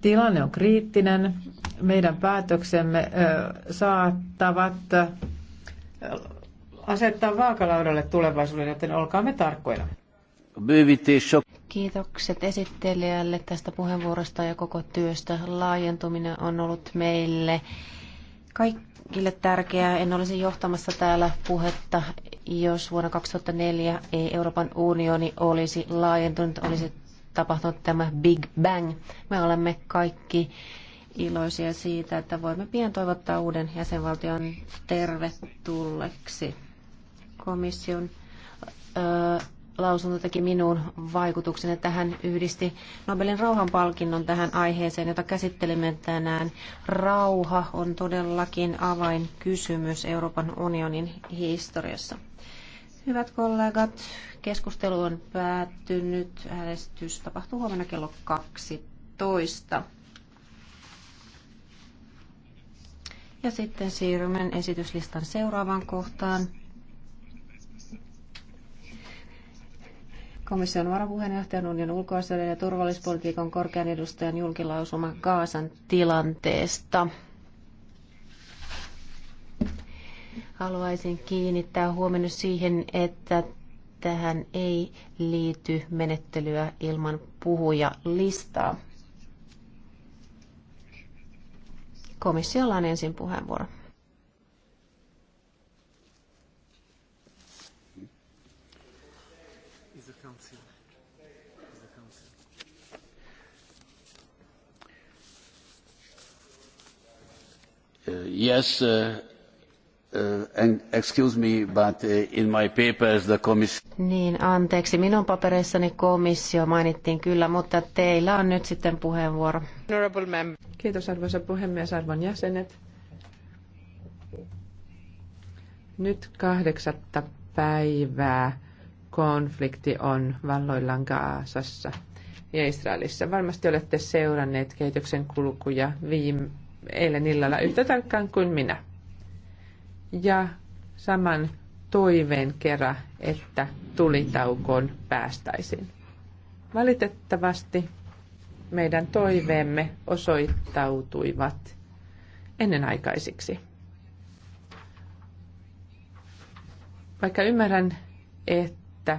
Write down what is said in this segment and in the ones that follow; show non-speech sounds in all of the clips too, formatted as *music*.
Tilanne on kriittinen. Meidän päätöksemme saattavat asettaa vaakalaudalle tulevaisuuden, joten olkaamme tarkkoina. Kiitokset esittelijälle tästä puheenvuorosta ja koko työstä. Laajentuminen on ollut meille kaikille tärkeää. En olisi johtamassa täällä puhetta, jos vuonna 2004 ei Euroopan unioni olisi laajentunut, olisi tapahtunut tämä Big Bang. Me olemme kaikki iloisia siitä, että voimme pian toivottaa uuden jäsenvaltion tervetulleeksi. Komission ö, lausunto teki minuun vaikutuksen, että hän yhdisti Nobelin rauhanpalkinnon tähän aiheeseen, jota käsittelimme tänään. Rauha on todellakin avainkysymys Euroopan unionin historiassa. Hyvät kollegat, Keskustelu on päättynyt. Äänestys tapahtuu huomenna kello 12. Ja sitten siirrymme esityslistan seuraavaan kohtaan. Komission varapuheenjohtajan unionin ulkoasioiden ja turvallispolitiikan korkean edustajan julkilausuma Kaasan tilanteesta. Haluaisin kiinnittää huomenna siihen, että tähän ei liity menettelyä ilman puhujalistaa. Komissiolla on ensin puheenvuoro. Yes, uh, Uh, excuse me, but uh, in my papers the commission... Niin, anteeksi. Minun papereissani komissio mainittiin kyllä, mutta teillä on nyt sitten puheenvuoro. Kiitos arvoisa puhemies, arvon jäsenet. Nyt kahdeksatta päivää konflikti on valloillaan Gaasassa ja Israelissa. Varmasti olette seuranneet kehityksen kulkuja viime, eilen illalla yhtä tarkkaan kuin minä ja saman toiveen kerran, että tulitaukoon päästäisiin. Valitettavasti meidän toiveemme osoittautuivat ennenaikaisiksi. Vaikka ymmärrän, että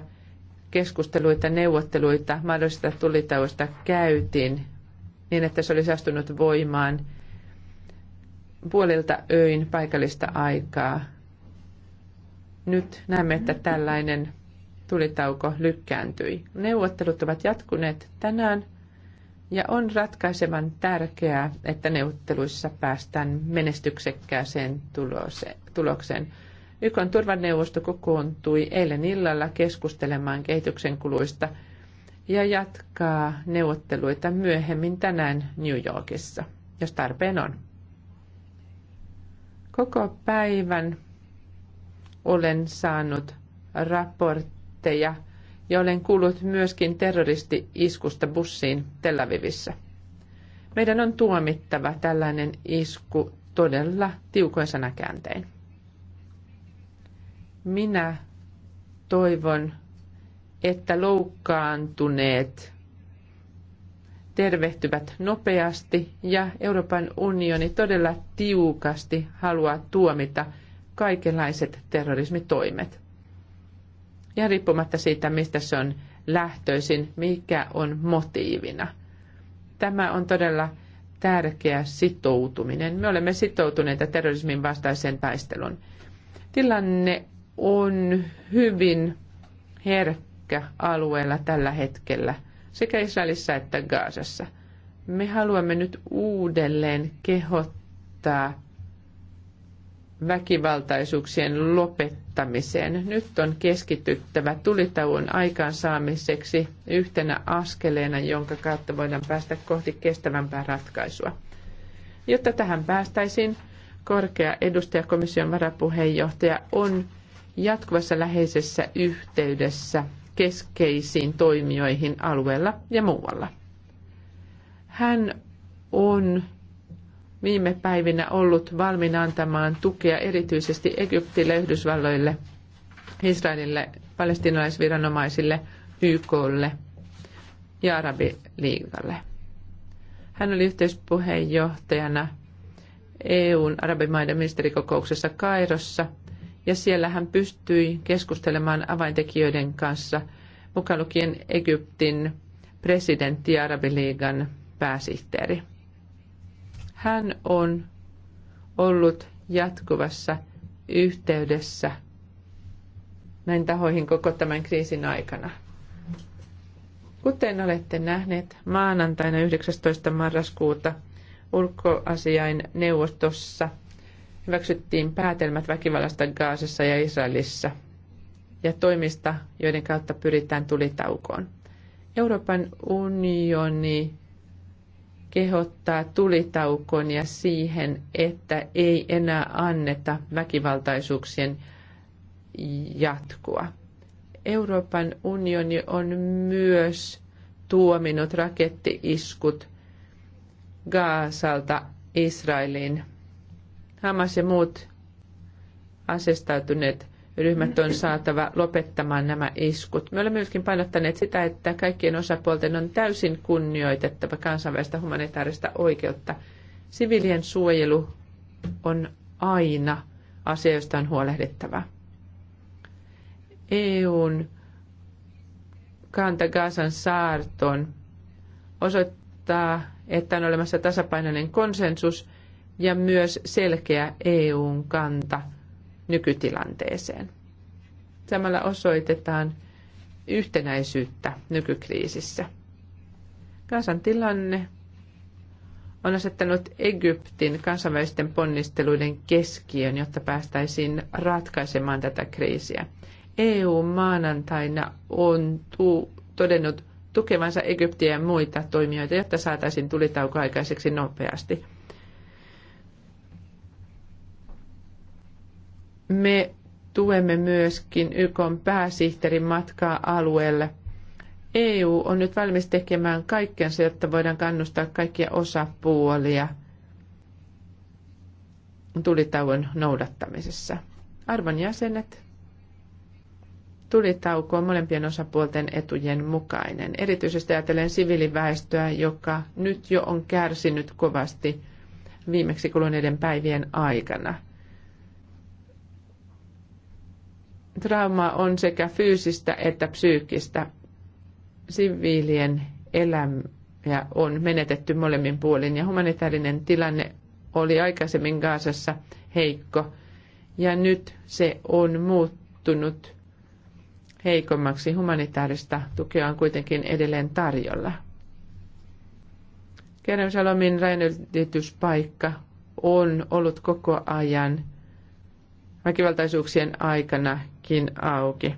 keskusteluita, neuvotteluita mahdollisista tulitauosta käytiin niin, että se olisi astunut voimaan – puolilta öin paikallista aikaa. Nyt näemme, että tällainen tulitauko lykkääntyi. Neuvottelut ovat jatkuneet tänään ja on ratkaisevan tärkeää, että neuvotteluissa päästään menestyksekkääseen tulokseen. YKn turvaneuvosto kokoontui eilen illalla keskustelemaan kehityksen kuluista ja jatkaa neuvotteluita myöhemmin tänään New Yorkissa, jos tarpeen on. Koko päivän olen saanut raportteja ja olen kuullut myöskin terroristi-iskusta bussiin Tel Avivissä. Meidän on tuomittava tällainen isku todella tiukoin sanakääntein. Minä toivon, että loukkaantuneet tervehtyvät nopeasti ja Euroopan unioni todella tiukasti haluaa tuomita kaikenlaiset terrorismitoimet. Ja riippumatta siitä, mistä se on lähtöisin, mikä on motiivina. Tämä on todella tärkeä sitoutuminen. Me olemme sitoutuneita terrorismin vastaiseen taisteluun. Tilanne on hyvin herkkä alueella tällä hetkellä – sekä Israelissa että Gaasassa. Me haluamme nyt uudelleen kehottaa väkivaltaisuuksien lopettamiseen. Nyt on keskityttävä tulitauon aikaansaamiseksi yhtenä askeleena, jonka kautta voidaan päästä kohti kestävämpää ratkaisua. Jotta tähän päästäisiin, korkea edustajakomission varapuheenjohtaja on jatkuvassa läheisessä yhteydessä keskeisiin toimijoihin alueella ja muualla. Hän on viime päivinä ollut valmiina antamaan tukea erityisesti Egyptille, Yhdysvalloille, Israelille, palestinalaisviranomaisille, YKlle ja Arabiliigalle. Hän oli yhteispuheenjohtajana EUn arabimaiden ministerikokouksessa Kairossa – ja siellä hän pystyi keskustelemaan avaintekijöiden kanssa, mukaan lukien Egyptin presidentti ja Arabiliigan pääsihteeri. Hän on ollut jatkuvassa yhteydessä näin tahoihin koko tämän kriisin aikana. Kuten olette nähneet, maanantaina 19. marraskuuta ulkoasiain neuvostossa – hyväksyttiin päätelmät väkivallasta Gaasassa ja Israelissa ja toimista, joiden kautta pyritään tulitaukoon. Euroopan unioni kehottaa tulitaukoon ja siihen, että ei enää anneta väkivaltaisuuksien jatkua. Euroopan unioni on myös tuominut rakettiiskut Gaasalta Israeliin Hamas ja muut asestautuneet ryhmät on saatava lopettamaan nämä iskut. Me olemme myöskin painottaneet sitä, että kaikkien osapuolten on täysin kunnioitettava kansainvälistä humanitaarista oikeutta. Sivilien suojelu on aina asia, josta on huolehdittava. EUn kanta Gaasan saartoon osoittaa, että on olemassa tasapainoinen konsensus ja myös selkeä EUn kanta nykytilanteeseen. Samalla osoitetaan yhtenäisyyttä nykykriisissä. Kansan tilanne on asettanut Egyptin kansainvälisten ponnisteluiden keskiön, jotta päästäisiin ratkaisemaan tätä kriisiä. EU maanantaina on tu- todennut tukevansa Egyptiä ja muita toimijoita, jotta saataisiin tulitauko aikaiseksi nopeasti. Me tuemme myöskin YK pääsihteerin matkaa alueelle. EU on nyt valmis tekemään kaikkensa, jotta voidaan kannustaa kaikkia osapuolia tulitauon noudattamisessa. Arvon jäsenet, tulitauko on molempien osapuolten etujen mukainen. Erityisesti ajatellen siviiliväestöä, joka nyt jo on kärsinyt kovasti viimeksi kuluneiden päivien aikana – trauma on sekä fyysistä että psyykkistä. Siviilien elämä on menetetty molemmin puolin ja humanitaarinen tilanne oli aikaisemmin Gaasassa heikko ja nyt se on muuttunut heikommaksi. Humanitaarista tukea on kuitenkin edelleen tarjolla. Kerem Salomin on ollut koko ajan väkivaltaisuuksien aikanakin auki.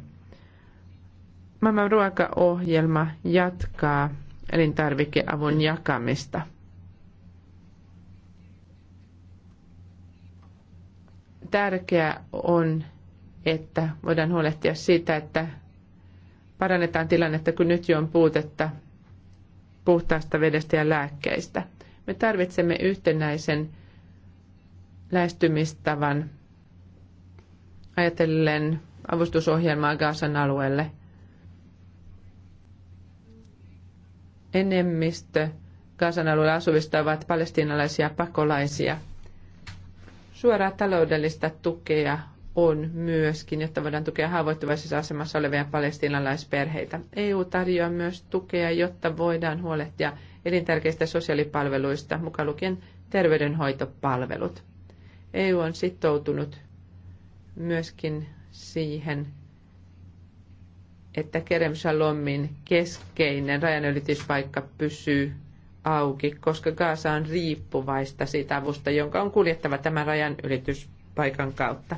Maailman ruokaohjelma jatkaa elintarvikeavun jakamista. Tärkeää on, että voidaan huolehtia siitä, että parannetaan tilannetta, kun nyt jo on puutetta puhtaasta vedestä ja lääkkeistä. Me tarvitsemme yhtenäisen lähestymistavan ajatellen avustusohjelmaa Gaasan alueelle. Enemmistö Gaasan alueella asuvista ovat palestinalaisia pakolaisia. Suoraa taloudellista tukea on myöskin, jotta voidaan tukea haavoittuvaisessa asemassa olevia Palestinalaisperheitä. EU tarjoaa myös tukea, jotta voidaan huolehtia elintärkeistä sosiaalipalveluista, mukaan lukien terveydenhoitopalvelut. EU on sitoutunut myöskin siihen, että Kerem Shalomin keskeinen rajanylityspaikka pysyy auki, koska Gaasa on riippuvaista siitä avusta, jonka on kuljettava tämän rajanylityspaikan kautta.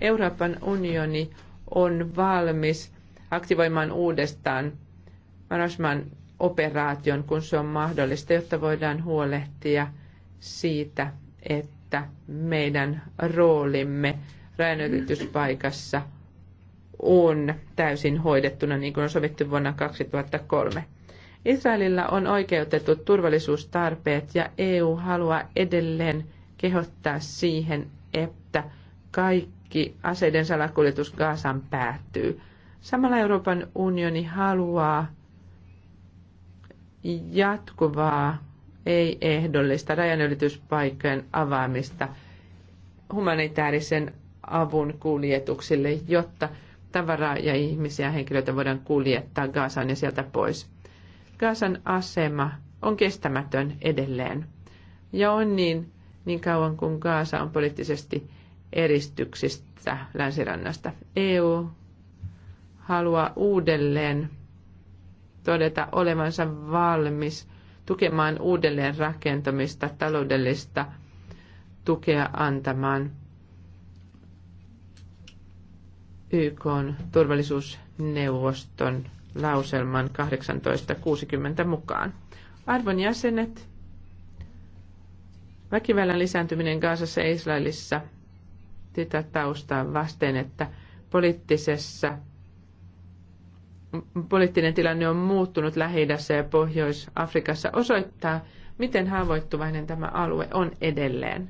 Euroopan unioni on valmis aktivoimaan uudestaan Marasman operaation, kun se on mahdollista, jotta voidaan huolehtia siitä, että meidän roolimme rajanylityspaikassa on täysin hoidettuna, niin kuin on sovittu vuonna 2003. Israelilla on oikeutetut turvallisuustarpeet ja EU haluaa edelleen kehottaa siihen, että kaikki aseiden salakuljetus Gaasan päättyy. Samalla Euroopan unioni haluaa jatkuvaa, ei ehdollista rajanylityspaikkojen avaamista humanitaarisen avun kuljetuksille, jotta tavaraa ja ihmisiä ja henkilöitä voidaan kuljettaa Gaasan ja sieltä pois. Gaasan asema on kestämätön edelleen. Ja on niin, niin kauan kuin Gaasa on poliittisesti eristyksistä länsirannasta. EU haluaa uudelleen todeta olevansa valmis tukemaan uudelleen rakentamista, taloudellista tukea antamaan – YK turvallisuusneuvoston lauselman 1860 mukaan. Arvon jäsenet, väkivallan lisääntyminen Gaasassa ja Israelissa sitä taustaa vasten, että poliittisessa poliittinen tilanne on muuttunut lähi ja Pohjois-Afrikassa osoittaa, miten haavoittuvainen tämä alue on edelleen.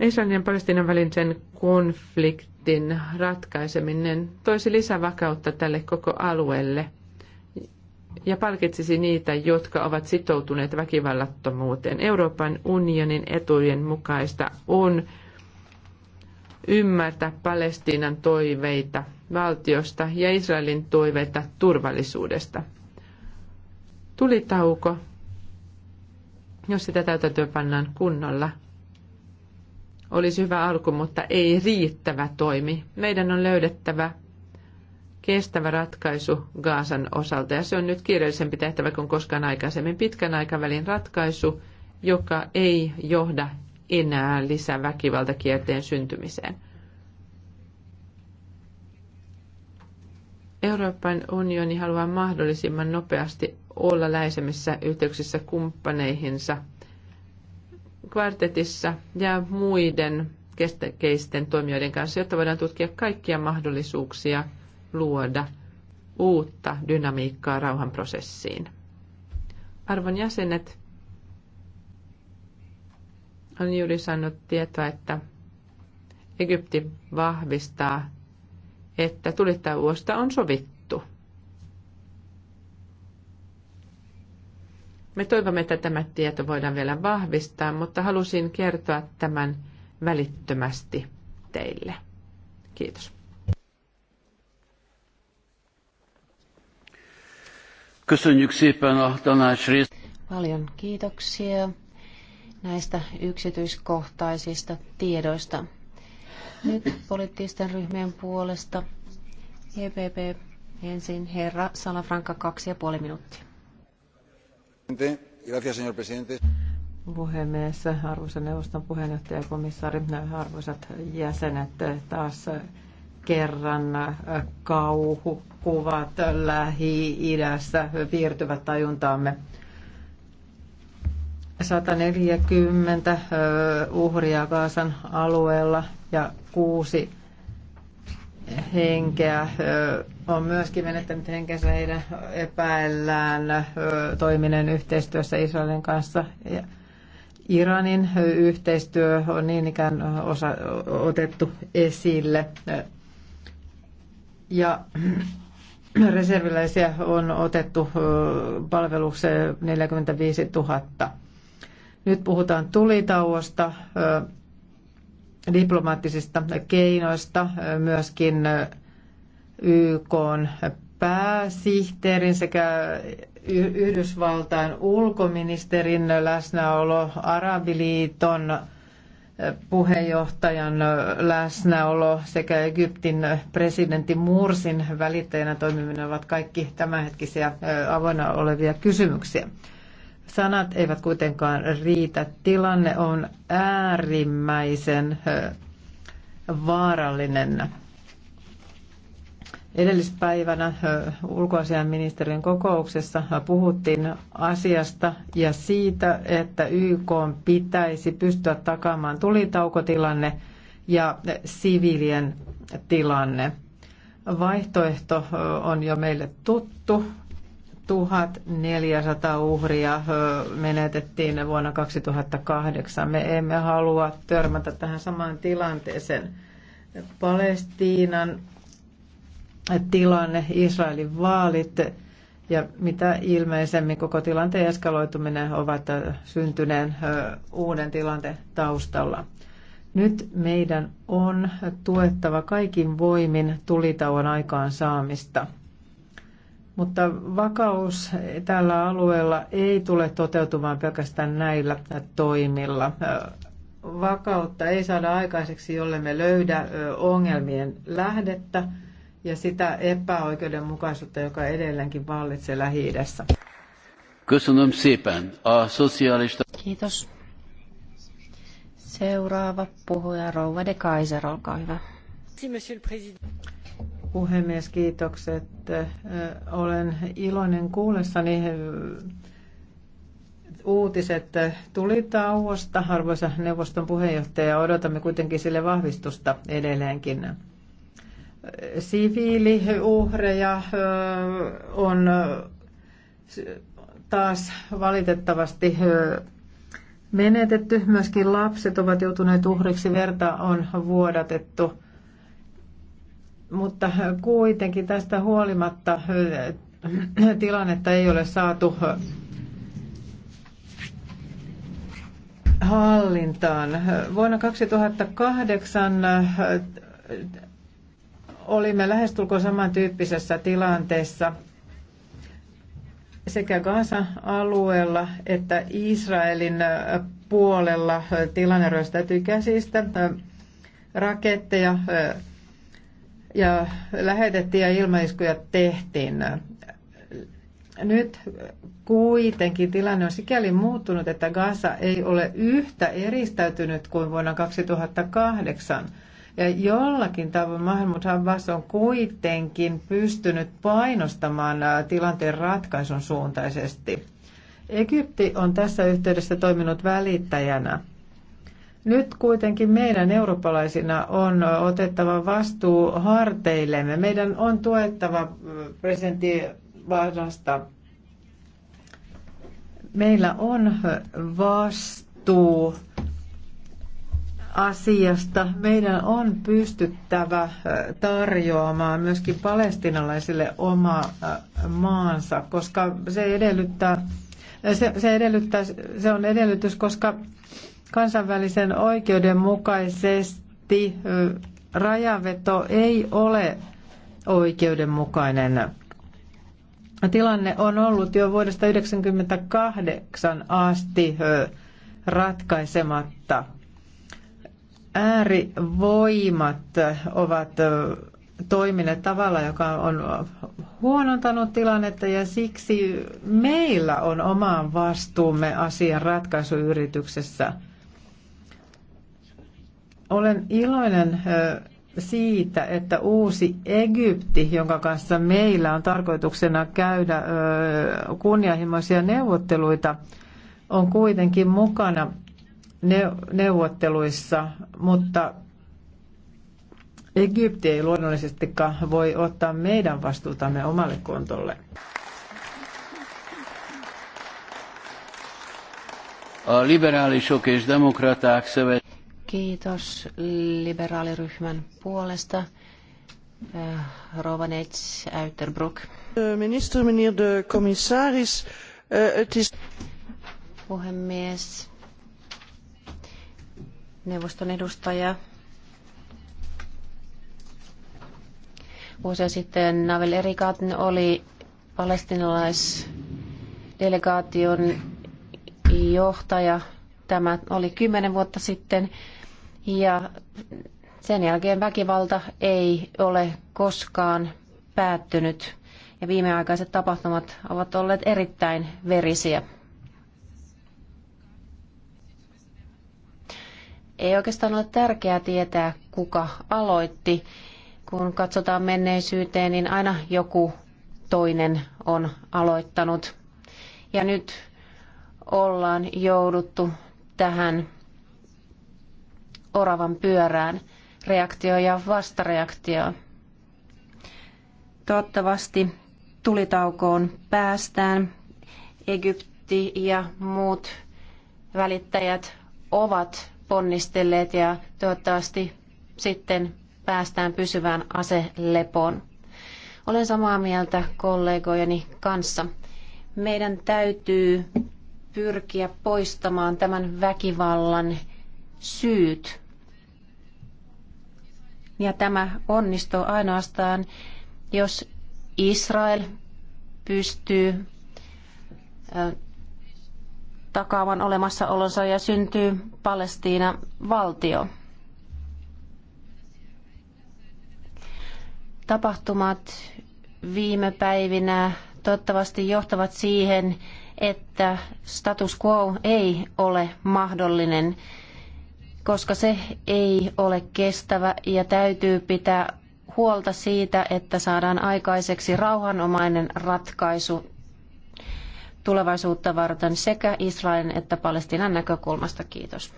Israelin ja Palestiinan välisen konfliktin ratkaiseminen toisi lisävakautta tälle koko alueelle ja palkitsisi niitä, jotka ovat sitoutuneet väkivallattomuuteen. Euroopan unionin etujen mukaista on ymmärtää Palestiinan toiveita valtiosta ja Israelin toiveita turvallisuudesta. Tulitauko, jos sitä täytäntöön pannaan kunnolla – olisi hyvä alku, mutta ei riittävä toimi. Meidän on löydettävä kestävä ratkaisu Gaasan osalta ja se on nyt kiireellisempi tehtävä kuin koskaan aikaisemmin. Pitkän aikavälin ratkaisu, joka ei johda enää lisäväkivaltakierteen syntymiseen. Euroopan unioni haluaa mahdollisimman nopeasti olla läisemmissä yhteyksissä kumppaneihinsa – kvartetissa ja muiden keskeisten toimijoiden kanssa, jotta voidaan tutkia kaikkia mahdollisuuksia luoda uutta dynamiikkaa rauhanprosessiin. Arvon jäsenet, on juuri saanut tietoa, että Egypti vahvistaa, että tulittavuosta on sovittu. Me toivomme, että tämä tieto voidaan vielä vahvistaa, mutta halusin kertoa tämän välittömästi teille. Kiitos. Paljon kiitoksia näistä yksityiskohtaisista tiedoista. Nyt poliittisten ryhmien puolesta EPP ensin herra Salafranka kaksi ja puoli minuuttia señor presidente. Puhemies, arvoisa neuvoston puheenjohtaja ja komissaari, arvoisat jäsenet, taas kerran kauhukuvat Lähi-idässä piirtyvät tajuntaamme. 140 uhria Kaasan alueella ja kuusi henkeä on myöskin menettänyt henkensä heidän epäillään toiminen yhteistyössä Israelin kanssa. Ja Iranin yhteistyö on niin ikään osa, otettu esille. Ja *clears throat* reserviläisiä on otettu palvelukseen 45 000. Nyt puhutaan tulitauosta, diplomaattisista keinoista, myöskin YK pääsihteerin sekä Yhdysvaltain ulkoministerin läsnäolo, Arabiliiton puheenjohtajan läsnäolo sekä Egyptin presidentti Mursin välittäjänä toimiminen ovat kaikki tämänhetkisiä avoinna olevia kysymyksiä. Sanat eivät kuitenkaan riitä. Tilanne on äärimmäisen vaarallinen. Edellispäivänä ulkoasiainministeriön kokouksessa puhuttiin asiasta ja siitä, että YK pitäisi pystyä takaamaan tulitaukotilanne ja siviilien tilanne. Vaihtoehto on jo meille tuttu. 1400 uhria menetettiin vuonna 2008. Me emme halua törmätä tähän samaan tilanteeseen. Palestiinan tilanne, Israelin vaalit ja mitä ilmeisemmin koko tilanteen eskaloituminen ovat äh, syntyneen äh, uuden tilanteen taustalla. Nyt meidän on tuettava kaikin voimin tulitauon aikaan saamista. Mutta vakaus tällä alueella ei tule toteutumaan pelkästään näillä toimilla. Äh, vakautta ei saada aikaiseksi, jolle me löydä ongelmien lähdettä – ja sitä epäoikeudenmukaisuutta, joka edelleenkin vallitsee Lähi-idässä. Kiitos. Seuraava puhuja, Rouva de Kaiser, olkaa hyvä. Puhemies, kiitokset. Olen iloinen kuullessani uutiset tuli tauosta. Arvoisa neuvoston puheenjohtaja, odotamme kuitenkin sille vahvistusta edelleenkin siviiliuhreja on taas valitettavasti menetetty. Myöskin lapset ovat joutuneet uhriksi, verta on vuodatettu. Mutta kuitenkin tästä huolimatta tilannetta ei ole saatu hallintaan. Vuonna 2008 olimme lähestulkoon samantyyppisessä tilanteessa sekä Gaasan alueella että Israelin puolella tilanne ryöstäytyi käsistä. Raketteja ja lähetettiin ja ilmaiskuja tehtiin. Nyt kuitenkin tilanne on sikäli muuttunut, että Gaza ei ole yhtä eristäytynyt kuin vuonna 2008. Jollakin tavoin Mahmoud Abbas on kuitenkin pystynyt painostamaan tilanteen ratkaisun suuntaisesti. Egypti on tässä yhteydessä toiminut välittäjänä. Nyt kuitenkin meidän eurooppalaisina on otettava vastuu harteillemme. Meidän on tuettava presidentti Vahdasta. Meillä on vastuu asiasta. Meidän on pystyttävä tarjoamaan myöskin palestinalaisille oma maansa, koska se edellyttää, se, se, edellyttää, se on edellytys, koska kansainvälisen oikeuden mukaisesti rajaveto ei ole oikeudenmukainen. Tilanne on ollut jo vuodesta 1998 asti ratkaisematta – äärivoimat ovat toimineet tavalla, joka on huonontanut tilannetta ja siksi meillä on omaan vastuumme asian ratkaisuyrityksessä. Olen iloinen siitä, että uusi Egypti, jonka kanssa meillä on tarkoituksena käydä kunnianhimoisia neuvotteluita, on kuitenkin mukana neuvotteluissa, mutta Egypti ei luonnollisestikaan voi ottaa meidän vastuutamme omalle kontolle. Kiitos liberaaliryhmän puolesta. Rovanets Äyterbrook. Minister, minister, de Puhemies, neuvoston edustaja. Vuosia sitten Navel Erikat oli palestinalaisdelegaation johtaja. Tämä oli kymmenen vuotta sitten ja sen jälkeen väkivalta ei ole koskaan päättynyt ja viimeaikaiset tapahtumat ovat olleet erittäin verisiä. Ei oikeastaan ole tärkeää tietää, kuka aloitti. Kun katsotaan menneisyyteen, niin aina joku toinen on aloittanut. Ja nyt ollaan jouduttu tähän oravan pyörään, reaktio ja vastareaktio. Toivottavasti tulitaukoon päästään. Egypti ja muut välittäjät ovat ponnistelleet ja toivottavasti sitten päästään pysyvään aselepoon. Olen samaa mieltä kollegojeni kanssa. Meidän täytyy pyrkiä poistamaan tämän väkivallan syyt. Ja tämä onnistuu ainoastaan, jos Israel pystyy Takaavan olemassaolonsa ja syntyy Palestiina-valtio. Tapahtumat viime päivinä toivottavasti johtavat siihen, että status quo ei ole mahdollinen, koska se ei ole kestävä ja täytyy pitää huolta siitä, että saadaan aikaiseksi rauhanomainen ratkaisu tulevaisuutta varten sekä Israelin että Palestinan näkökulmasta. Kiitos.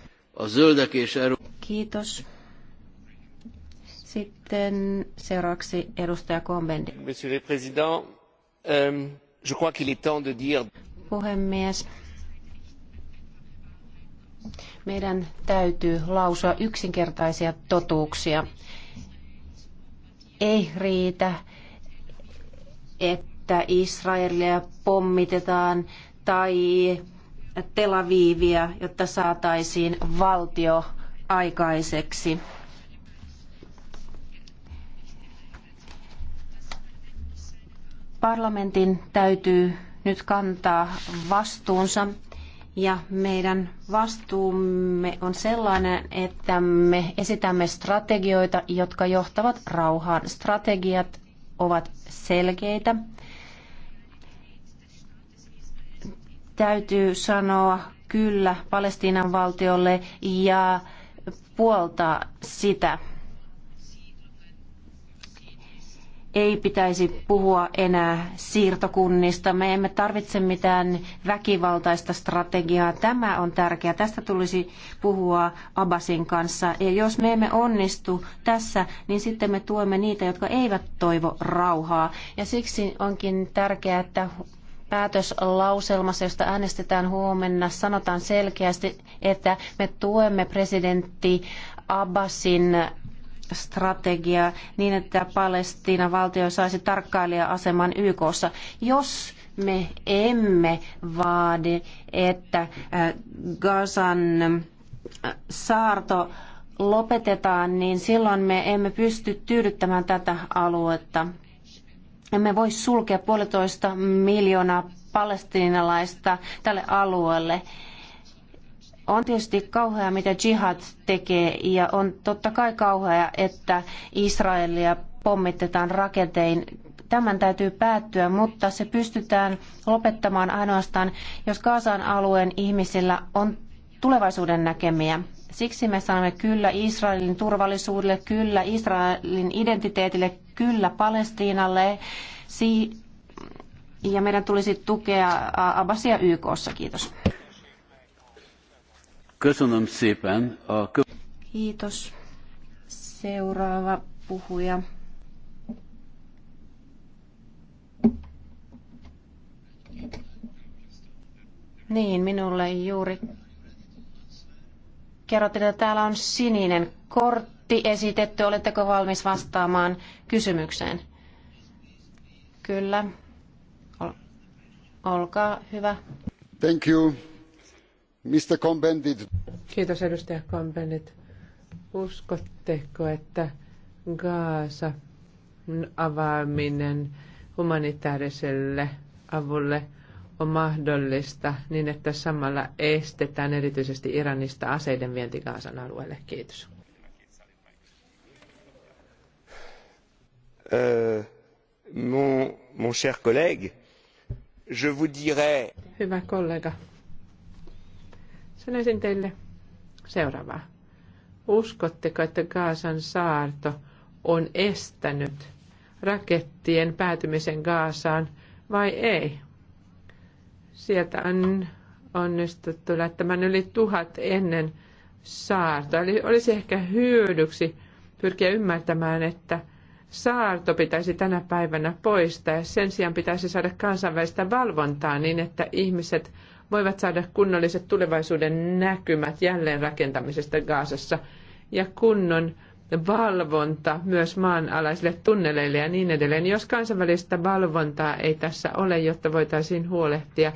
Kiitos. Sitten seuraavaksi edustaja Kombendi. Monsieur le Président, euh, je crois qu'il est temps de dire... Puhemies, meidän täytyy lausua yksinkertaisia totuuksia. Ei riitä, että että Israelia pommitetaan tai Tel Aviviä, jotta saataisiin valtio aikaiseksi. Parlamentin täytyy nyt kantaa vastuunsa ja meidän vastuumme on sellainen, että me esitämme strategioita, jotka johtavat rauhaan. Strategiat ovat selkeitä. täytyy sanoa kyllä Palestiinan valtiolle ja puoltaa sitä. Ei pitäisi puhua enää siirtokunnista. Me emme tarvitse mitään väkivaltaista strategiaa. Tämä on tärkeää. Tästä tulisi puhua Abbasin kanssa. Ja jos me emme onnistu tässä, niin sitten me tuemme niitä, jotka eivät toivo rauhaa. Ja siksi onkin tärkeää, että päätöslauselmassa, josta äänestetään huomenna, sanotaan selkeästi, että me tuemme presidentti Abbasin strategiaa niin, että Palestiinan valtio saisi tarkkailija-aseman YKssa. Jos me emme vaadi, että Gazan saarto lopetetaan, niin silloin me emme pysty tyydyttämään tätä aluetta. Emme voi sulkea puolitoista miljoonaa palestiinalaista tälle alueelle. On tietysti kauhea, mitä jihad tekee, ja on totta kai kauhea, että Israelia pommitetaan raketein. Tämän täytyy päättyä, mutta se pystytään lopettamaan ainoastaan, jos Kaasan alueen ihmisillä on tulevaisuuden näkemiä. Siksi me sanomme kyllä Israelin turvallisuudelle, kyllä Israelin identiteetille, kyllä Palestiinalle ja meidän tulisi tukea Abbasia YKssa. Kiitos. Kiitos. Seuraava puhuja. Niin, minulle juuri kerrottiin, että täällä on sininen kortti kommentti esitetty. Oletteko valmis vastaamaan kysymykseen? Kyllä. Olkaa hyvä. Thank you. Mr. Combendit. Kiitos edustaja Combendit. Uskotteko, että Gaasa avaaminen humanitaariselle avulle on mahdollista niin, että samalla estetään erityisesti Iranista aseiden vienti Gaasan alueelle? Kiitos. Euh, mon, mon cher collègue, je vous dirais... Hyvä kollega, sanoisin teille seuraavaa. Uskotteko, että Gaasan saarto on estänyt rakettien päätymisen Gaasaan vai ei? Sieltä on onnistuttu lähtemään yli tuhat ennen saarta. Eli olisi ehkä hyödyksi pyrkiä ymmärtämään, että saarto pitäisi tänä päivänä poistaa. Sen sijaan pitäisi saada kansainvälistä valvontaa niin, että ihmiset voivat saada kunnolliset tulevaisuuden näkymät jälleenrakentamisesta Gaasassa ja kunnon valvonta myös maanalaisille tunneleille ja niin edelleen. Jos kansainvälistä valvontaa ei tässä ole, jotta voitaisiin huolehtia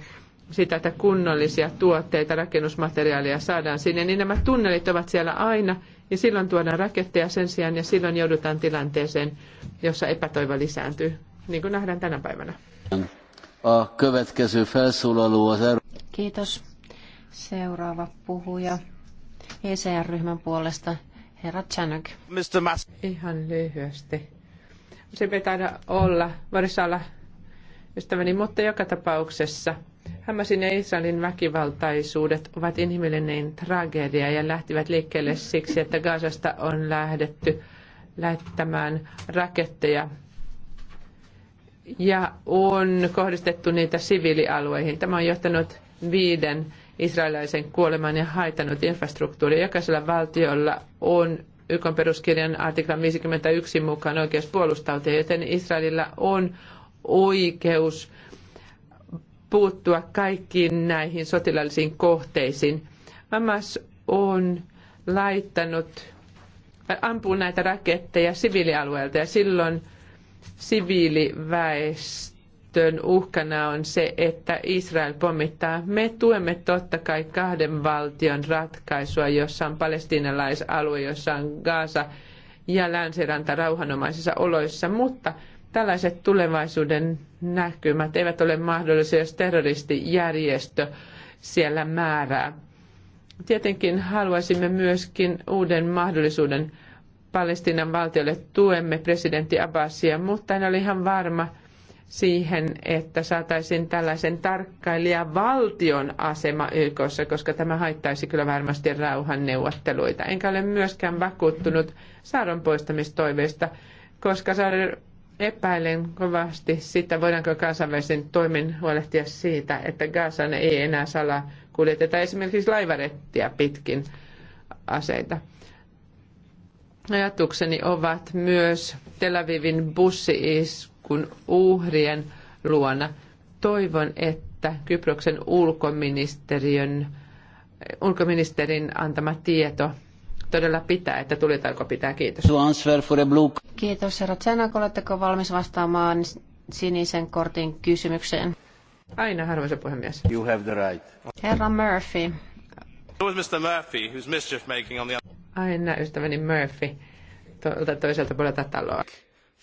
sitä, että kunnollisia tuotteita, rakennusmateriaalia saadaan sinne, niin nämä tunnelit ovat siellä aina – ja silloin tuodaan raketteja sen sijaan ja silloin joudutaan tilanteeseen, jossa epätoivo lisääntyy, niin kuin nähdään tänä päivänä. Er- Kiitos. Seuraava puhuja ECR-ryhmän puolesta, herra Chanuk. Mr. Ihan lyhyesti. Se pitää olla, varissa olla ystäväni, mutta joka tapauksessa – Hamasin ja Israelin väkivaltaisuudet ovat inhimillinen tragedia ja lähtivät liikkeelle siksi, että Gazasta on lähdetty lähettämään raketteja ja on kohdistettu niitä siviilialueihin. Tämä on johtanut viiden israelaisen kuoleman ja haitanut infrastruktuuria. Jokaisella valtiolla on YK peruskirjan artiklan 51 mukaan oikeus puolustautua, joten Israelilla on oikeus puuttua kaikkiin näihin sotilaallisiin kohteisiin. Hamas on laittanut, ampuu näitä raketteja siviilialueelta ja silloin siviiliväestön uhkana on se, että Israel pommittaa. Me tuemme totta kai kahden valtion ratkaisua, jossa on palestiinalaisalue, jossa on Gaasa ja länsiranta rauhanomaisissa oloissa, mutta – Tällaiset tulevaisuuden näkymät eivät ole mahdollisia, jos terroristijärjestö siellä määrää. Tietenkin haluaisimme myöskin uuden mahdollisuuden Palestiinan valtiolle. Tuemme presidentti Abbasia, mutta en ole ihan varma, siihen, että saataisiin tällaisen tarkkailijavaltion asema YKssa, koska tämä haittaisi kyllä varmasti rauhanneuvotteluita. Enkä ole myöskään vakuuttunut saaron poistamistoiveista, koska epäilen kovasti sitä, voidaanko kansainvälisen toimin huolehtia siitä, että Gaasan ei enää sala kuljeteta esimerkiksi laivarettia pitkin aseita. Ajatukseni ovat myös Tel Avivin bussiiskun uhrien luona. Toivon, että Kyproksen ulkoministeriön ulkoministerin antama tieto todella pitää, että tulitauko pitää. Kiitos. Kiitos, herra Tsenak. Oletteko valmis vastaamaan sinisen kortin kysymykseen? Aina, arvoisa puhemies. You have the right. Herra Murphy. Mr. Murphy, who's mischief making on the... Aina ystäväni Murphy tuolta toiselta puolelta taloa.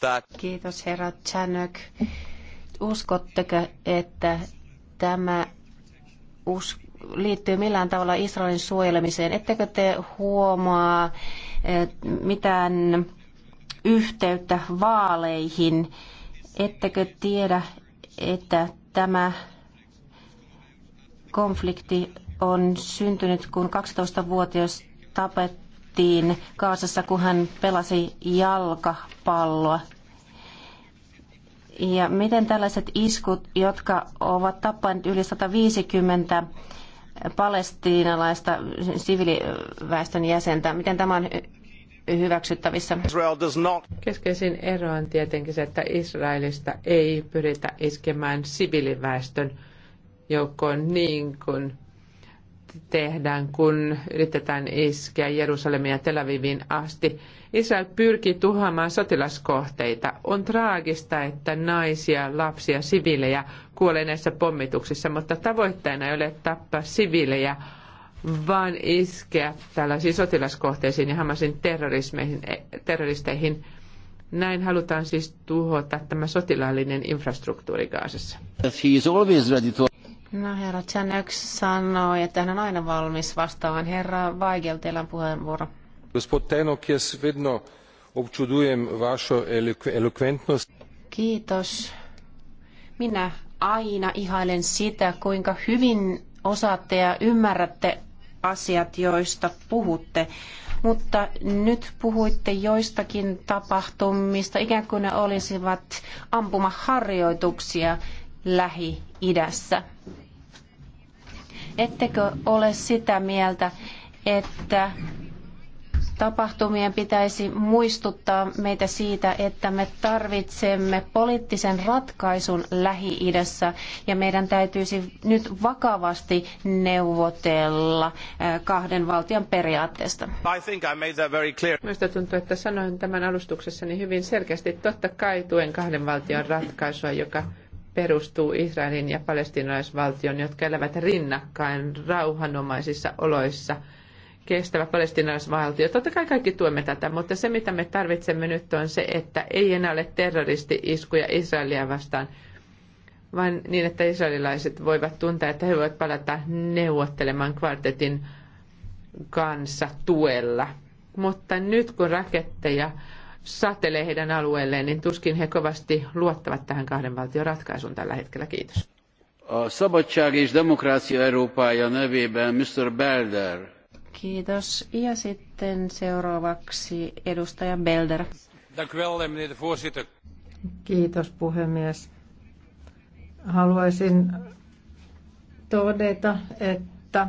That... Kiitos herra Tsenak. Uskotteko, että tämä us- liittyy millään tavalla Israelin suojelemiseen. Ettekö te huomaa eh, mitään yhteyttä vaaleihin? Ettekö tiedä, että tämä konflikti on syntynyt, kun 12-vuotias tapettiin Kaasassa, kun hän pelasi jalkapalloa. Ja miten tällaiset iskut, jotka ovat tappaneet yli 150 palestiinalaista siviiliväestön jäsentä. Miten tämä on hyväksyttävissä? Keskeisin ero on tietenkin se, että Israelista ei pyritä iskemään siviiliväestön joukkoon niin kuin tehdään, kun yritetään iskeä Jerusalemin ja Tel Aviviin asti. Israel pyrkii tuhoamaan sotilaskohteita. On traagista, että naisia, lapsia, siviilejä kuolee pommituksissa, mutta tavoitteena ei ole tappaa siviilejä, vaan iskeä tällaisiin sotilaskohteisiin ja Hamasin eh, terroristeihin. Näin halutaan siis tuhota tämä sotilaallinen infrastruktuuri Gaasassa. No herra Chanek sanoi, että hän on aina valmis vastaamaan. Herra Weigel, teillä on puheenvuoro. Kiitos. Minä aina ihailen sitä, kuinka hyvin osaatte ja ymmärrätte asiat, joista puhutte. Mutta nyt puhuitte joistakin tapahtumista, ikään kuin ne olisivat ampumaharjoituksia Lähi-idässä. Ettekö ole sitä mieltä, että tapahtumien pitäisi muistuttaa meitä siitä, että me tarvitsemme poliittisen ratkaisun Lähi-idässä ja meidän täytyisi nyt vakavasti neuvotella kahden valtion periaatteesta. Minusta tuntuu, että sanoin tämän alustuksessani hyvin selkeästi. Totta kai tuen kahden valtion ratkaisua, joka perustuu Israelin ja palestinalaisvaltion, jotka elävät rinnakkain rauhanomaisissa oloissa – kestävä palestinaisvaltio. Totta kai kaikki tuemme tätä, mutta se mitä me tarvitsemme nyt on se, että ei enää ole terroristi-iskuja Israelia vastaan, vaan niin, että israelilaiset voivat tuntea, että he voivat palata neuvottelemaan kvartetin kanssa tuella. Mutta nyt kun raketteja satelee heidän alueelleen, niin tuskin he kovasti luottavat tähän kahden valtion ratkaisuun tällä hetkellä. Kiitos. A Szabadság és Demokrácia Európája nevében Mr. Belder Kiitos. Ja sitten seuraavaksi edustaja Belder. Eh, Kiitos puhemies. Haluaisin todeta, että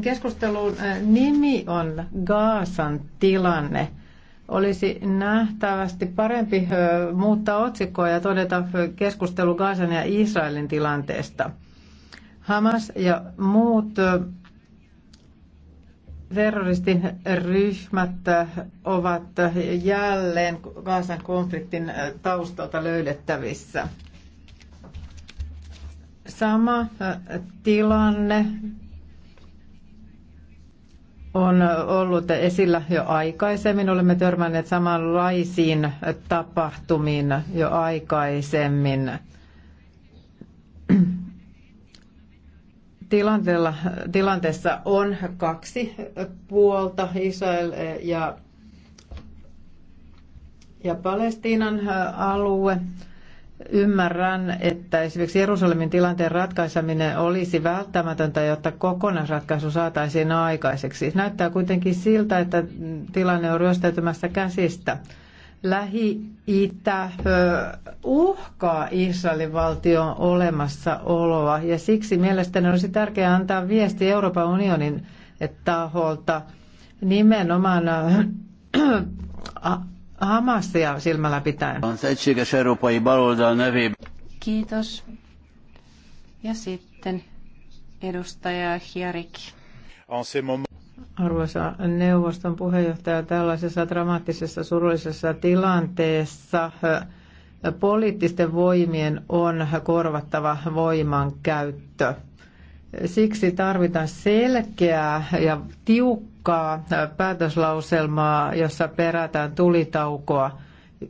keskustelun nimi on Gaasan tilanne. Olisi nähtävästi parempi muuttaa otsikkoa ja todeta keskustelu Gaasan ja Israelin tilanteesta. Hamas ja muut terroristiryhmät ovat jälleen Gaasan konfliktin taustalta löydettävissä. Sama tilanne on ollut esillä jo aikaisemmin. Olemme törmänneet samanlaisiin tapahtumiin jo aikaisemmin tilanteella, tilanteessa on kaksi puolta, Israel ja, ja Palestiinan alue. Ymmärrän, että esimerkiksi Jerusalemin tilanteen ratkaiseminen olisi välttämätöntä, jotta kokonaisratkaisu saataisiin aikaiseksi. Näyttää kuitenkin siltä, että tilanne on ryöstäytymässä käsistä. Lähi-Itä uhkaa Israelin valtion olemassaoloa ja siksi mielestäni olisi tärkeää antaa viesti Euroopan unionin taholta nimenomaan *clears throat* Hamasia silmällä pitäen. Kiitos. Ja sitten edustaja Hjarik. Arvoisa neuvoston puheenjohtaja, tällaisessa dramaattisessa surullisessa tilanteessa äh, poliittisten voimien on korvattava voiman käyttö. Siksi tarvitaan selkeää ja tiukkaa äh, päätöslauselmaa, jossa perätään tulitaukoa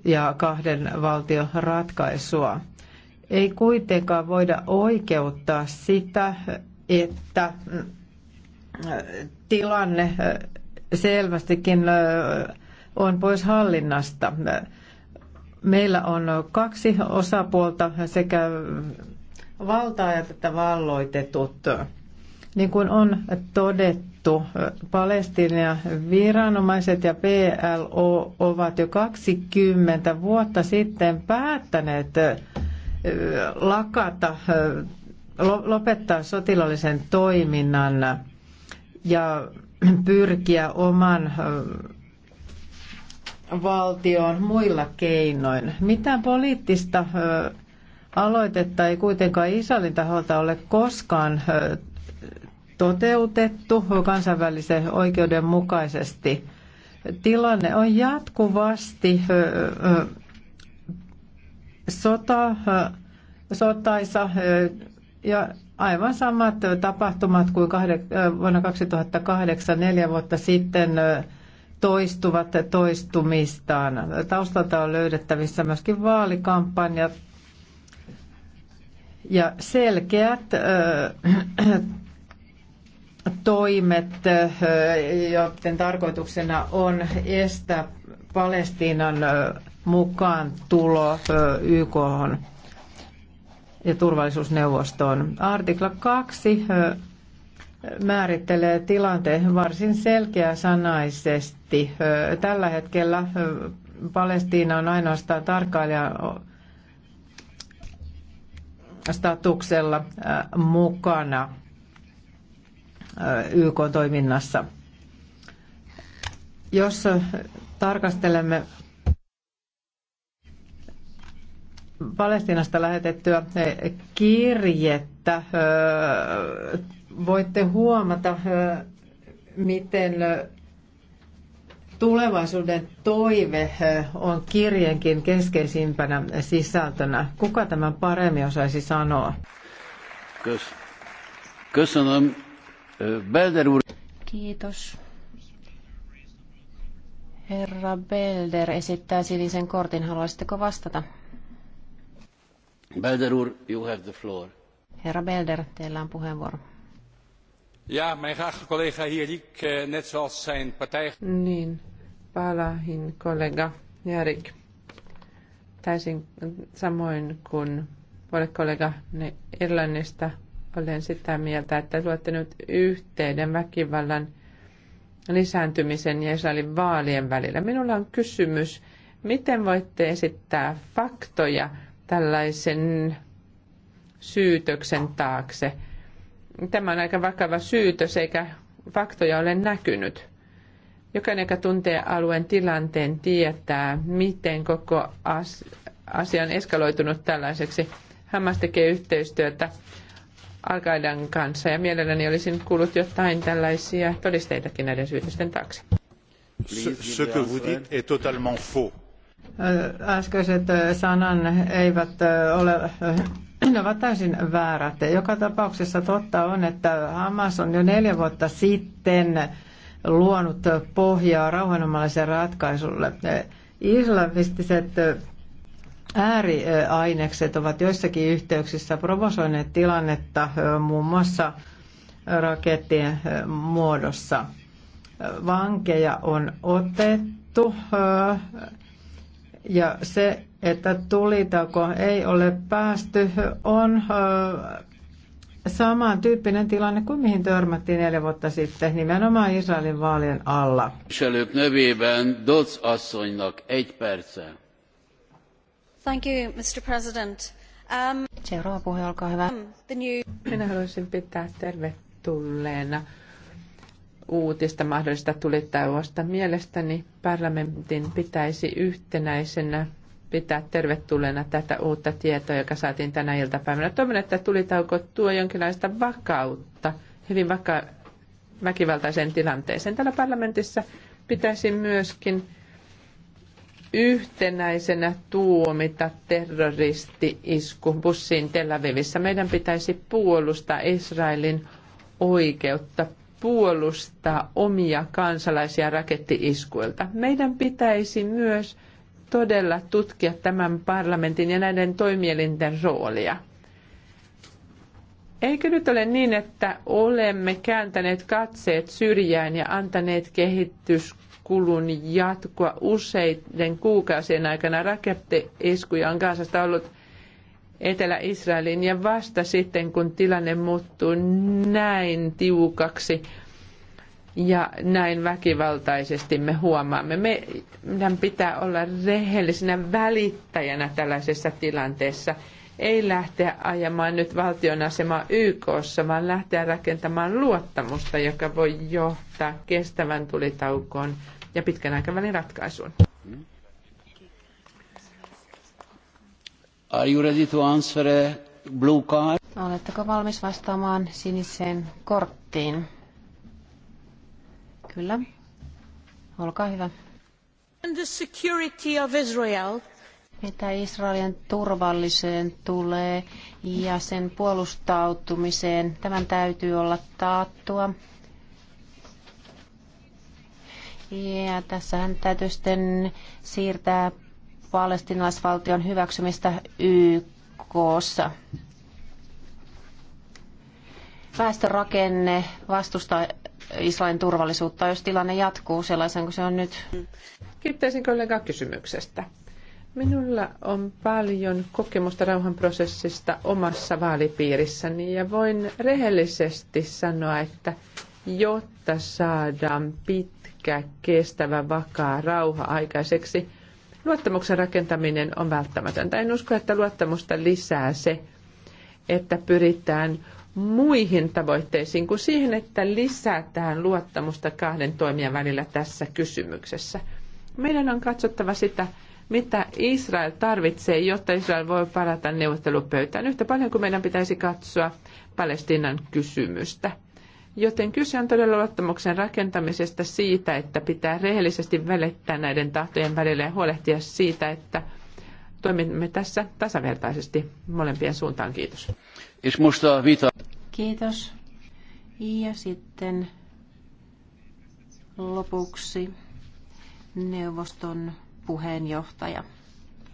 ja kahden valtion ratkaisua. Ei kuitenkaan voida oikeuttaa sitä, että äh, tilanne selvästikin on pois hallinnasta. Meillä on kaksi osapuolta, sekä valtaajat että valloitetut. Niin kuin on todettu, Palestiinan viranomaiset ja PLO ovat jo 20 vuotta sitten päättäneet lakata, lopettaa sotilallisen toiminnan ja pyrkiä oman valtioon muilla keinoin. Mitään poliittista aloitetta ei kuitenkaan Israelin taholta ole koskaan toteutettu kansainvälisen oikeuden mukaisesti. Tilanne on jatkuvasti sota, sotaisa ja aivan samat tapahtumat kuin vuonna 2008, neljä vuotta sitten, toistuvat toistumistaan. Taustalta on löydettävissä myöskin vaalikampanjat ja selkeät *clears throat* toimet, joiden tarkoituksena on estää Palestiinan mukaan tulo YKhon ja turvallisuusneuvostoon. Artikla 2 määrittelee tilanteen varsin selkeäsanaisesti. Tällä hetkellä Palestiina on ainoastaan tarkkailija statuksella mukana YK-toiminnassa. Jos tarkastelemme Palestinasta lähetettyä eh, kirjettä eh, voitte huomata, eh, miten tulevaisuuden toive on kirjenkin keskeisimpänä sisältönä. Kuka tämän paremmin osaisi sanoa? Kiitos. Herra Belder esittää sinisen kortin. Haluaisitteko vastata? Belder úr, you have the floor. Herra Belder, teillä on puheenvuoro. Ja, mijn graag collega Hierik, eh, net zoals zijn partij... Niin, Palahin kollega Jarik. Täysin mm, samoin kuin kollega Irlannista olen sitä mieltä, että luotte nyt yhteyden väkivallan lisääntymisen ja Israelin vaalien välillä. Minulla on kysymys, miten voitte esittää faktoja tällaisen syytöksen taakse. Tämä on aika vakava syytös, eikä faktoja ole näkynyt. Jokainen, joka tuntee alueen tilanteen, tietää, miten koko asia on eskaloitunut tällaiseksi. Hamas tekee yhteistyötä al kanssa ja mielelläni olisin kuullut jotain tällaisia todisteitakin näiden syytösten taakse. Ce, ce que vous dites est totalement faux äskeiset sanan eivät ole, ne ovat täysin väärät. Joka tapauksessa totta on, että Hamas on jo neljä vuotta sitten luonut pohjaa rauhanomaisen ratkaisulle. Islamistiset ääriainekset ovat joissakin yhteyksissä provosoineet tilannetta muun muassa rakettien muodossa. Vankeja on otettu ja se, että tulitako ei ole päästy, on samantyyppinen tilanne kuin mihin törmättiin neljä vuotta sitten, nimenomaan Israelin vaalien alla. Képviselők nevében dots asszonynak egy perce. Thank you, Mr. President. Um, Seuraava puhe, olkaa hyvä. Um, the new... Minä haluaisin pitää tervetulleena uutista mahdollista tulitauosta. Mielestäni parlamentin pitäisi yhtenäisenä pitää tervetulleena tätä uutta tietoa, joka saatiin tänä iltapäivänä. Toivon, että tulitauko tuo jonkinlaista vakautta hyvin vaka- väkivaltaiseen tilanteeseen. Täällä parlamentissa pitäisi myöskin yhtenäisenä tuomita terroristi-isku bussiin Tel Avivissa. Meidän pitäisi puolustaa Israelin oikeutta puolustaa omia kansalaisia rakettiiskuilta. Meidän pitäisi myös todella tutkia tämän parlamentin ja näiden toimielinten roolia. Eikö nyt ole niin, että olemme kääntäneet katseet syrjään ja antaneet kehityskulun jatkua useiden kuukausien aikana? Raketteiskuja on Kaasasta ollut Etelä-Israelin ja vasta sitten, kun tilanne muuttuu näin tiukaksi ja näin väkivaltaisesti me huomaamme. Meidän pitää olla rehellisenä välittäjänä tällaisessa tilanteessa. Ei lähteä ajamaan nyt valtion asemaa YKssa, vaan lähteä rakentamaan luottamusta, joka voi johtaa kestävän tulitaukoon ja pitkän aikavälin ratkaisuun. Are you ready to answer a blue card? Oletteko valmis vastaamaan siniseen korttiin? Kyllä. Olkaa hyvä. And the security of Israel. Mitä Israelin turvalliseen tulee ja sen puolustautumiseen, tämän täytyy olla taattua. Ja tässähän täytyy sitten siirtää palestinaisvaltion hyväksymistä YKssa. Väestörakenne vastustaa Israelin turvallisuutta, jos tilanne jatkuu sellaisen kuin se on nyt. Kiittäisin kollega kysymyksestä. Minulla on paljon kokemusta rauhanprosessista omassa vaalipiirissäni ja voin rehellisesti sanoa, että jotta saadaan pitkä, kestävä, vakaa rauha aikaiseksi – Luottamuksen rakentaminen on välttämätöntä. En usko, että luottamusta lisää se, että pyritään muihin tavoitteisiin kuin siihen, että lisätään luottamusta kahden toimijan välillä tässä kysymyksessä. Meidän on katsottava sitä, mitä Israel tarvitsee, jotta Israel voi parata neuvottelupöytään yhtä paljon kuin meidän pitäisi katsoa Palestiinan kysymystä. Joten kyse on todella luottamuksen rakentamisesta siitä, että pitää rehellisesti välittää näiden tahtojen välillä ja huolehtia siitä, että toimimme tässä tasavertaisesti molempien suuntaan. Kiitos. Kiitos. Ja sitten lopuksi neuvoston puheenjohtaja.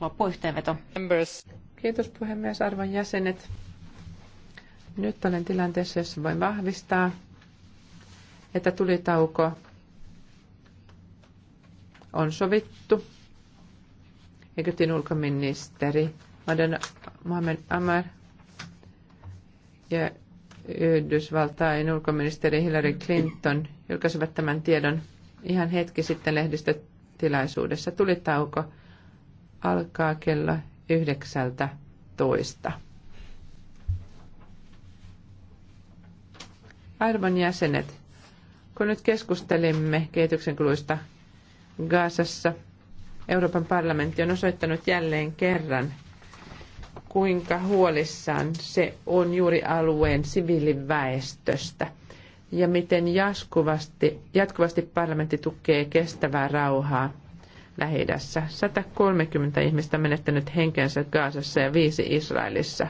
Loppuyhteenveto. Kiitos puhemies, arvon jäsenet. Nyt olen tilanteessa, jossa voin vahvistaa, että tulitauko on sovittu. Egyptin ulkoministeri Madan Mohamed Amar ja Yhdysvaltain ulkoministeri Hillary Clinton julkaisivat tämän tiedon ihan hetki sitten lehdistötilaisuudessa. Tulitauko alkaa kello 19. Arvon jäsenet, kun nyt keskustelimme kehityksen kuluista Gaasassa, Euroopan parlamentti on osoittanut jälleen kerran, kuinka huolissaan se on juuri alueen siviiliväestöstä ja miten jatkuvasti, jatkuvasti parlamentti tukee kestävää rauhaa lähi 130 ihmistä menettänyt henkensä Gaasassa ja viisi Israelissa,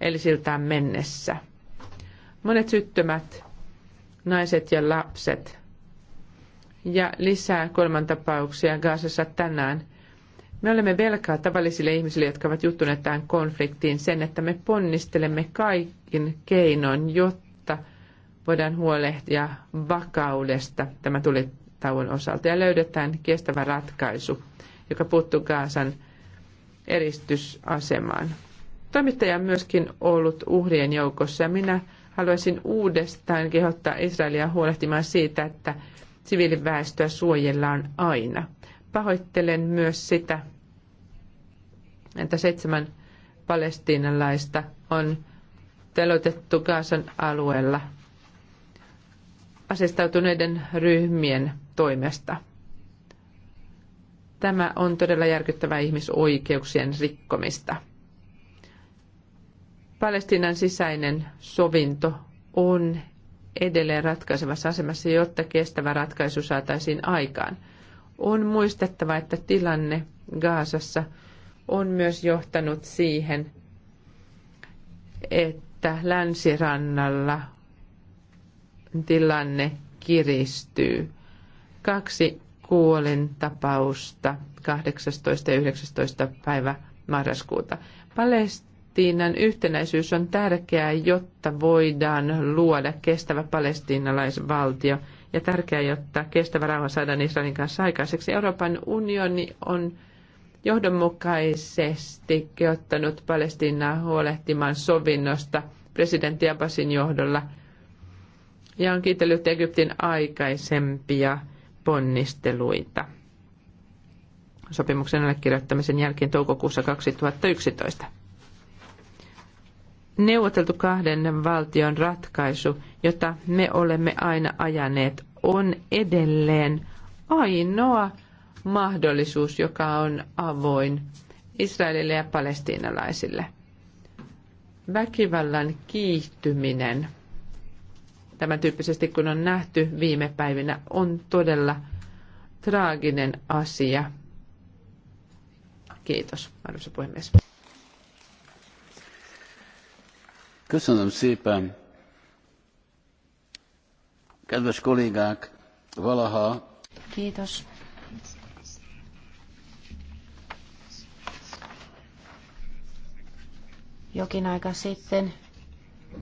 eli siltään mennessä. Monet syttömät naiset ja lapset. Ja lisää tapauksia Gaasassa tänään. Me olemme velkaa tavallisille ihmisille, jotka ovat juttuneet tähän konfliktiin, sen, että me ponnistelemme kaikin keinoin, jotta voidaan huolehtia vakaudesta tämä tulitauon osalta ja löydetään kestävä ratkaisu, joka puuttuu Gaasan eristysasemaan. Toimittaja on myöskin ollut uhrien joukossa ja minä Haluaisin uudestaan kehottaa Israelia huolehtimaan siitä, että siviiliväestöä suojellaan aina. Pahoittelen myös sitä, että seitsemän palestiinalaista on telotettu Gaasan alueella asestautuneiden ryhmien toimesta. Tämä on todella järkyttävää ihmisoikeuksien rikkomista. Palestinan sisäinen sovinto on edelleen ratkaisevassa asemassa, jotta kestävä ratkaisu saataisiin aikaan. On muistettava, että tilanne Gaasassa on myös johtanut siihen, että länsirannalla tilanne kiristyy. Kaksi kuolin tapausta 18. ja 19. päivä marraskuuta. Palestina Palestiinan yhtenäisyys on tärkeää, jotta voidaan luoda kestävä palestiinalaisvaltio ja tärkeää, jotta kestävä rauha saadaan Israelin kanssa aikaiseksi. Euroopan unioni on johdonmukaisesti ottanut Palestiinaa huolehtimaan sovinnosta presidentti Abbasin johdolla ja on kiitellyt Egyptin aikaisempia ponnisteluita sopimuksen allekirjoittamisen jälkeen toukokuussa 2011 neuvoteltu kahden valtion ratkaisu, jota me olemme aina ajaneet, on edelleen ainoa mahdollisuus, joka on avoin Israelille ja palestiinalaisille. Väkivallan kiihtyminen, tämän tyyppisesti kun on nähty viime päivinä, on todella traaginen asia. Kiitos, arvoisa puhemies. Köszönöm szépen. Kedves kollégák, valaha... Kiitos. Jokin aika sitten